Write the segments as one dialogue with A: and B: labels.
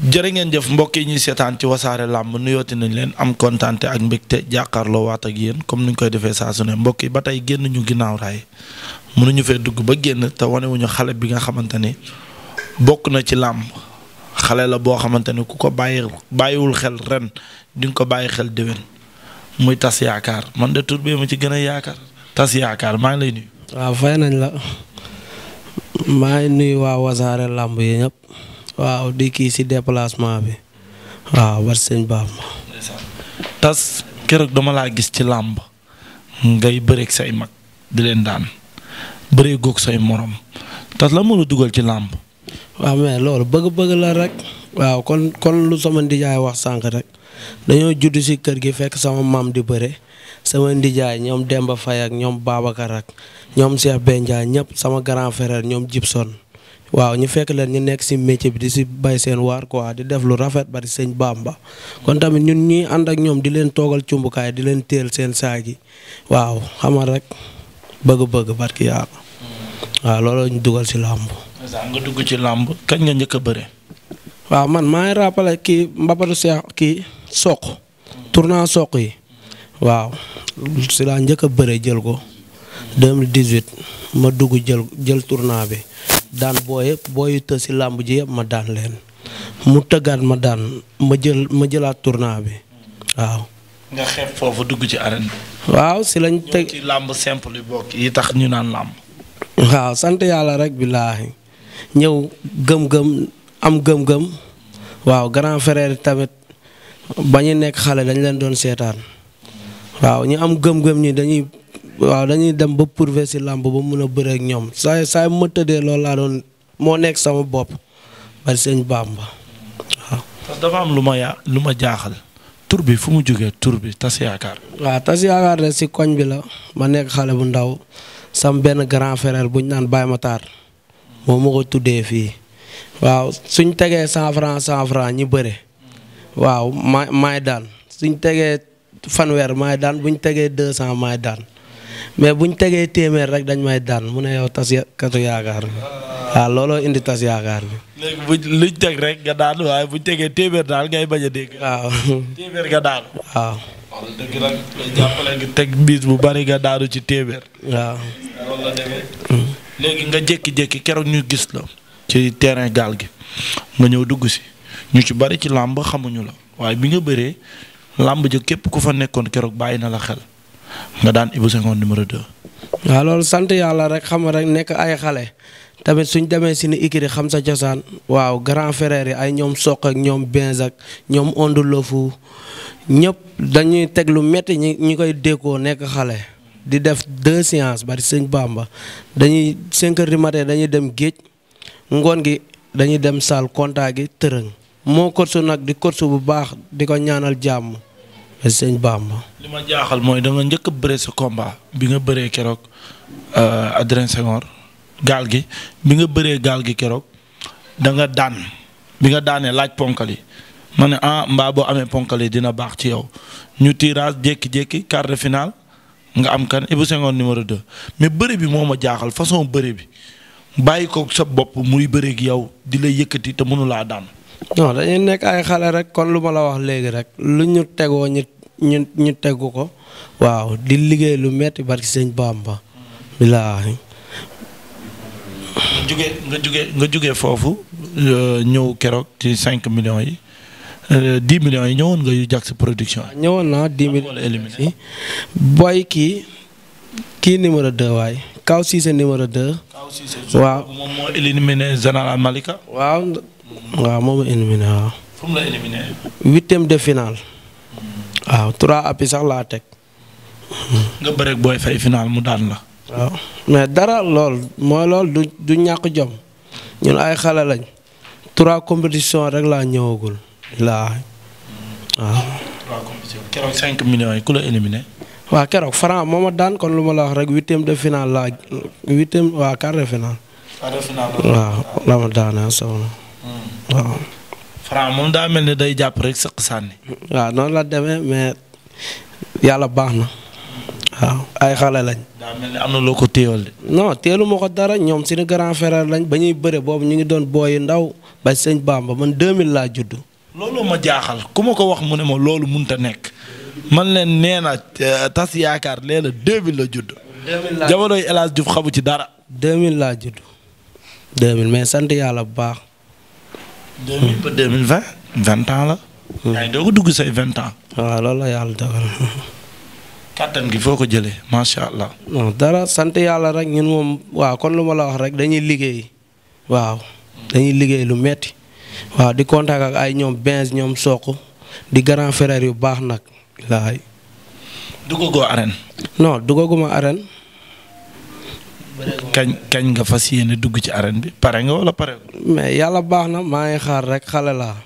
A: jërë ngeen jëf mbokk yi ñuy seetaan ci wasaare làmb nuyooti nañ leen am kontaante ak mbégte jàkkaarloo waat ak yéen comme ni ñu koy defee saa su ne mbokk yi ba tey génn ñu ginnaaw raay mënuñu fee dugg ba génn te wanewuñu xale bi nga xamante ni bokk na ci làmb xale la boo xamante ni ku ko bàyyi bàyyiwul xel ren di ko bàyyi xel déwén muy tas yaakaar man de tur bi ma ci gën a yaakaar tas yaakaar maa ngi lay nuyu.
B: waaw fay ngi nuyu waa wasaare làmb yi ñëpp. waaw di kii si déplacement bi waaw war sëñ baax ma tas keroog
A: dama laa gis ci làmb ngay bëreeg say mag di leen daan bëree
B: góog say morom tas la mën a dugal ci làmb waaw mais loolu bëgg-bëgg la rek waaw kon kon lu sama ndijaay wax sànq rek dañoo judd si kër gi fekk sama maam di bëre sama ndijaay ñoom Demba fay ak ñoom Babacar ak ñoom Cheikh Benja ñëpp sama grand frère ñoom Gibson waaw ñu fekk leen ñu nekk si métier bi di si bay seen waar quoi di def lu rafet bari sëñ ba kon tamit ñun ñuy ànd ak ñoom di leen toogal cumbukaay di leen teel seen saag yi waaw xamal rek bëgg-bëgg barki yàlla waaw loolu ñu dugal si làmb.
A: nga dugg ci làmb kañ njëkk a bëre.
B: waaw man maa ngi rappelé kii mbapatu kii soq. tournant soq yi. waaw laa njëkk a bëre jël ko. 2018 ma dugg jël jël tournant bi daan boo yëpp booyu yu të si làmb ji yëpp ma daan leen mu tëggaat ma daan ma jël ma jëlaat tournoi bi waaw. dugg ci waaw si lañ teg
A: làmb simple yi tax ñu naan làmb.
B: waaw sant yàlla rek billaahi ñëw gëm-gëm am gëm-gëm waaw grand frère tamit ba ñu nekk xale dañ leen doon seetaan waaw ñu am gëm-gëm ñi dañuy. waaw dañuy dem ba prouver si làmb ba mun a bëre ak ñoom saa saa ma tëddee loolu laa doon moo nekk sama bopp bari sëñ Bàmba waaw.
A: parce que dafa am lu ma ya lu ma jaaxal. tur bi fu mu jógee tur bi tas yaakaar.
B: de si koñ bi la ma nekk xale bu ndaw sam benn grand frère bu ñu naan Baye Matar moom moo ko tuddee fii waaw suñ tegee cent franc cent franc ñi bëre waaw maay maay daan suñ tegee fanweer maay daan buñ tegee deux cent maay daan. mais bu buñ tegee téeméer rek dañ may daan mun ne yow tas katu yaakaar bi waaw looloo indi tas yaakaar bi.
A: léegi rek nga daan waaye buñ tegee téeméer daal ngay bañ a dégg. waaw téeméer nga teg bis bu bari nga daanu ci téeméer. waaw. Hmm. nga jékki-jékki keroog ñu gis la. ci terrain gaal gi nga ñëw dugg si ñu ci bari ci làmb xamuñu la waaye bi nga bëree làmb ja képp ku fa nekkoon keroog
B: bàyyi na la xel
A: nga daan Ibou Senghor numéro 2.
B: waaw loolu sant yàlla rek xam rek nekk ay xale tamit suñ demee si ni ikiri xam sa cosaan waaw grand frère yi ay ñoom soq ak ñoom benz ak ñoom ondu lofu ñëpp dañuy teg lu métti ñi ñi koy déggoo nekk xale. di def deux séances bari sëñ Bamba dañuy cinq heures du dañuy dem géej ngoon gi dañuy dem saal contact gi tërëng moo korsu nag di korsu bu baax di ko ñaanal jàmm. mais sëñ Bamba.
A: li ma jaaxal mooy da njëkk a sa combat bi nga bëree keroog euh, Adrien Senghor gaal gi bi nga bëree gaal gi keroog da nga daan bi nga daanee laaj ponkal yi ma ne ah mbaa boo amee ponkal yi dina baax ci yow ñu tirage jékki-jékki quart de finale nga am kan Ibou Senghor numéro 2 mais bëri bi moo ma jaaxal façon bëri bi bàyyi ko sa bopp muy bëreeg yow di lay yëkkati te mënu daan.
B: dañuy nekk ay xale rek kon lu ma la wax léegi rek lu ñu tegoo ñu ñu tegu ko waaw di liggéey lu metti barki sëñ Bamba. billaahi.
A: nga jugee nga jóge nga jugee foofu euh, ñëw keroog ci 5
B: millions yi 10 euh, millions yi ñëwoon nga yu jag si production. ñëwoon naa 10 millions yi booy kii kii numéro 2 waay Kaw Cissé numéro 2. Kaw waaw. waaw moom la éliminé waaw. fu mu la éliminé. huitième de finale. waaw trois appuis sax laa teg.
A: nga bëreeg booy fay final mu daan la. waaw
B: mais dara lool mooy lool du ñàkk jom ñun ay xale lañ trois compétition rek laa ñëwagul laa waaw.
A: keroog cinq millions yi ku
B: daan kon lu ma la wax rek huitième de finale laa huitième waaw quart de finale. quart de finale waaw la ma waaw.
A: Franc moom daa mel ni day jàpp rek sëq sànni. waaw
B: noonu la demee mais yàlla baax na. waaw ay xale lañ. daa mel ni am na loo ko téyal de. no teelu ma ko dara ñoom suñu grand frère lañ ba ñuy bëre boobu ñu ngi doon booy ndaw ba sëñ Bamba man 2000 laa judd. loolu ma
A: jaaxal ku ma ko wax mu ne ma loolu mënut nekk man leen nee na euh, tas yaakaar nee na 2000 la judd. 2000 laa jamonoy El xamu ci dara.
B: 2000 laa judd. 2000 mais sant yàlla bu baax.
A: 2000
B: ba 2020 20 ans la. Hmm. yaa ngi dugg say 20 ans. waaw loolu la yàlla dogal.
A: kàttan gi foo ko jëlee macha allah.
B: non dara sant yàlla rek ñun moom waaw kon lu ma la wax rek dañuy liggéey. waaw dañuy liggéey lu metti waaw di contact ak ay ñoom benz ñoom soq di grand frère yu baax nag. laay.
A: duggagoo arène.
B: non duggaguma arène. kañ
A: kañ nga fas yéene dugg ci arène bi pare nga wala pare.
B: mais yàlla baax na maa ngi xaar rek xale laa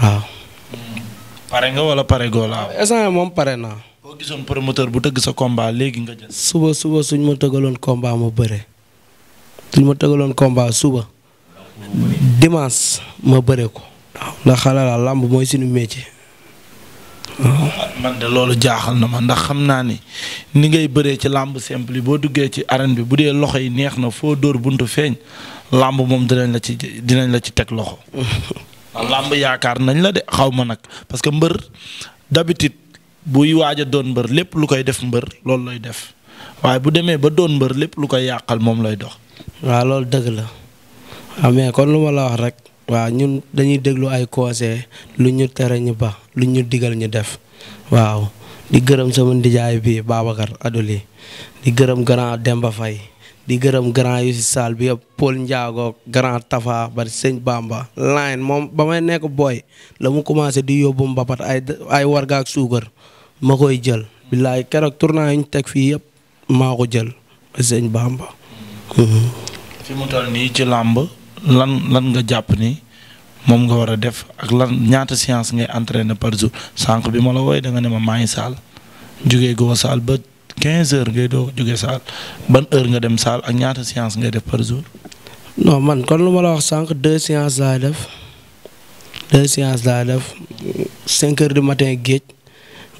B: waaw. Hmm.
A: pare nga wala pare goo laa. instant moom pare naa. boo gisoon promoteur bu tëgg sa combat léegi nga jël.
B: suba suba suñ ma tëggaloon kombaa ma bëre suñ ma tëggaloon combat suba dimanche ma bëre ko. waaw ndax xale làmb mooy suñu métier.
A: Ah, man de loolu jaaxal na ma ndax xam naa ni ni ngay bëree ci làmb simple yi boo duggee ci arène bi bu dee loxo yi neex na foo dóor buntu feeñ làmb moom dinañ la ci dinañ la ci teg loxo. làmb yaakaar nañ la de xaw ma nag parce que mbër d'habitude buy waaja a doon mbër lépp lu koy def mbër loolu lay def waaye bu demee ba doon mbër lépp lu koy yàqal moom lay
B: dox. waa loolu dëgg la amee ah, kon lu ma la wax rek. waa ñun dañuy déglu ay conseils lu ñu tere ñu ba lu ñu digal ñu def waaw. di gërëm sama ndijaay bi Babacar Adoli di gërëm grand Demba Faye di gërëm grand yu si saal bi yëpp Paul Ndiago grand Tafa bari sëñ Bamba line moom ba nekk booy la mu commencé di yóbbu mbapat ay ay ak suukar ma koy jël billaay keroog tournant yi ñu teg fii yëpp maa ko jël sëñ Bamba.
A: fi mu toll nii ci làmb lan nga jàpp
B: ni. moom nga war
A: a def ak lan ñaata séance ngay entraîner par jour sànq bi ma la wooye da nga ne ma maa ngi saal jugee goo saal ba 15 heures ngay doo jóge saal ban heure nga dem saal ak ñaata séance ngay def par jour.
B: non man kon lu ma la wax sànq deux séances laay def deux séances laay def 5 heures du matin géej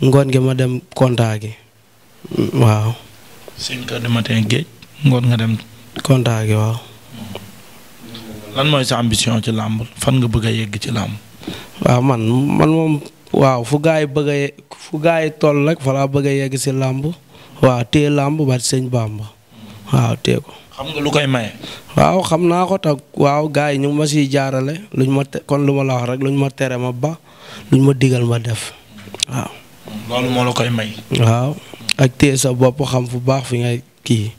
B: ngoon gi ma dem contact gi mm, waaw.
A: 5 géej
B: ngoon nga dem. contact waaw.
A: lan mooy sa ambition ci làmb fan nga bëgg a yegg ci
B: làmb. waaw man man moom waaw fu gaa yi bëgg a fu gaa yi toll rek fa laa bëgg a yegg si làmb waaw téye làmb ba sëñ Bamba waaw téye ko.
A: xam nga lu koy maye.
B: waaw xam naa ko tak waaw gaa yi ñu ma siy jaarale luñ ma kon lu ma la rek luñ ma tere ma ba luñ ma digal ma def waaw.
A: loolu moo la koy may.
B: waaw ak téye sa bopp xam fu baax fi ngay kii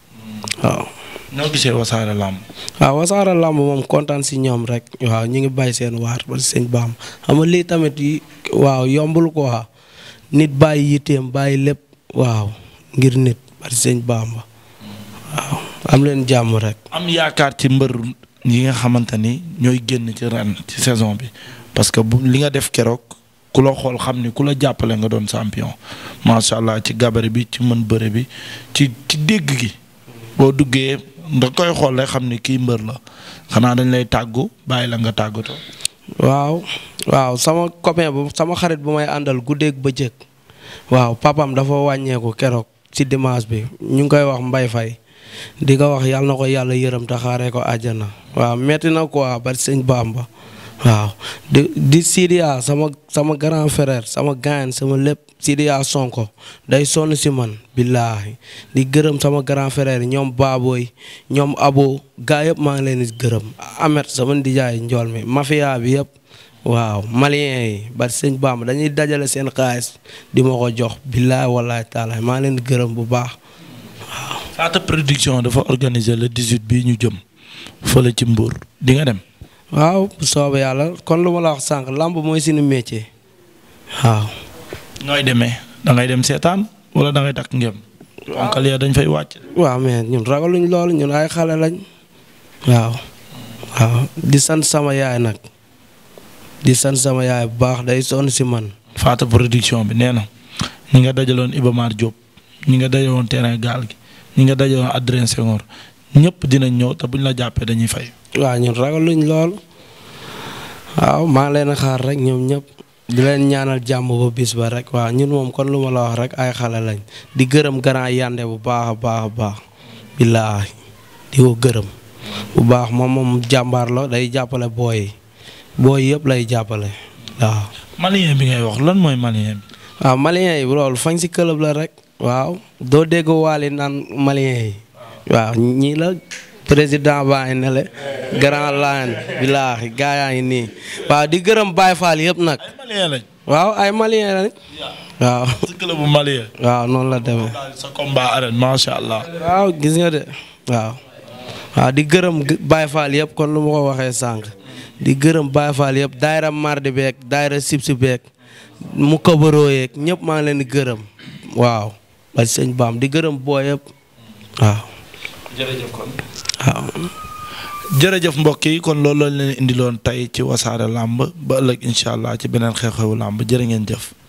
B: waaw. noo gisee wasaare làmb waaw wasaare làmb moom kontaan si ñoom rek waaw ñu ngi bàyyi seen waar ba sëñ baam xam nga lii tamit yi waaw yombul quoi nit bàyyi yitteem bàyyi lépp waaw ngir nit ba sëñ Bamba waaw am leen jàmm
A: rek. am yaakaar ci mbër yi nga xamante ni ñooy génn ci ren ci saison bi parce que bu li nga def keroog ku la xool xam ni ku la jàppale nga doon champion macha allah ci gabari bi ci mën bëre bi ci ci dégg gi boo duggee. ndax
B: koy xool lay xam ni kii mbër la xanaa dañ lay tàggu bàyyi la nga tàggatoo. waaw waaw sama copain bu sama xarit bu may àndal guddeeg bëccëg waaw papam dafa wàññeeku keroog ci dimanche bi ñu ngi koy wax Mbaye fay di ko wax yàlla na ko yàlla yërëm te xaaree ko àjjana waaw metti na quoi ba sëñ ba waaw di di sama sama grand sama gaañ sama lépp Sidiya Sonko day sonn si man billaahi di gërëm sama grand frère ñoom Baboy ñoom Abo gaa yëpp maa ngi leen gërëm Amet sama ndijaay njool mi mafia bi yëpp waaw malien yi bari sëñ Bamba dañuy dajale seen xaalis di ma ko jox billaahi wallaahi taala maa leen gërëm bu baax
A: waaw. Saata production dafa organiser le 18 bii ñu jëm fële ci Mbour dinga dem.
B: waaw bu soobee yàlla kon lu ma la wax sànq làmb mooy suñu métier waaw. nooy
A: demee dangay dem seetaan wala da dakk takk ngem. waaw onkal
B: dañ fay wàcc. waaw mais ñun ragaluñ lool ñun ay xale lañ. waaw. waaw di san sama yaay nag di sant sama yaay bu baax day sonn si man.
A: Faata production
B: bi nee na ñi nga dajaloon
A: Iba Mar Diop ñi nga dajaloon terrain gaal gi ñi nga dajaloon Adrien Senghor ñëpp dinañ ñëw te buñ la jàppee dañuy fay.
B: waaw ñun ragaluñ lool waaw maa leen a xaar rek ñoom ñëpp di leen ñaanal jàmm ba bis ba rek waaw ñun moom kon lu la wax rek ay xale lañ di gërëm grand yànde bu baax a baax a baax billaahi di ko gërëm bu baax moom moom jàmbaar la day jàppale booy yi booy yëpp lay jàppale waaw. malien bi ngay wax lan mooy malien bi. waaw malien yi loolu fañ si club la rek. waaw doo dégg waali naan malien yi. waaw ñii la président baa ngi ne le grand laan billaahi gaa yaa ngi nii waaw di gërëm Baye Fall yëpp nag. waaw ay malien lañ. waaw. waaw la deme sa combat arène waaw gis nga de waaw. di gërëm Baye Fall yëpp kon lu ma ko waxee sànq. di gërëm Baye Fall yëpp daayira mardi beeg daayira sibsi beeg mu kabaroo yeeg ñëpp maa ngi di gërëm. waaw ba sëñ baam di gërëm boo yëpp waaw.
A: jërëjëf kon mbokk yi kon loolu lañ indiloon tey ci wasaare làmb ba ëllëg incha allah ci beneen xew-xewu làmb jërë ngeen jëf.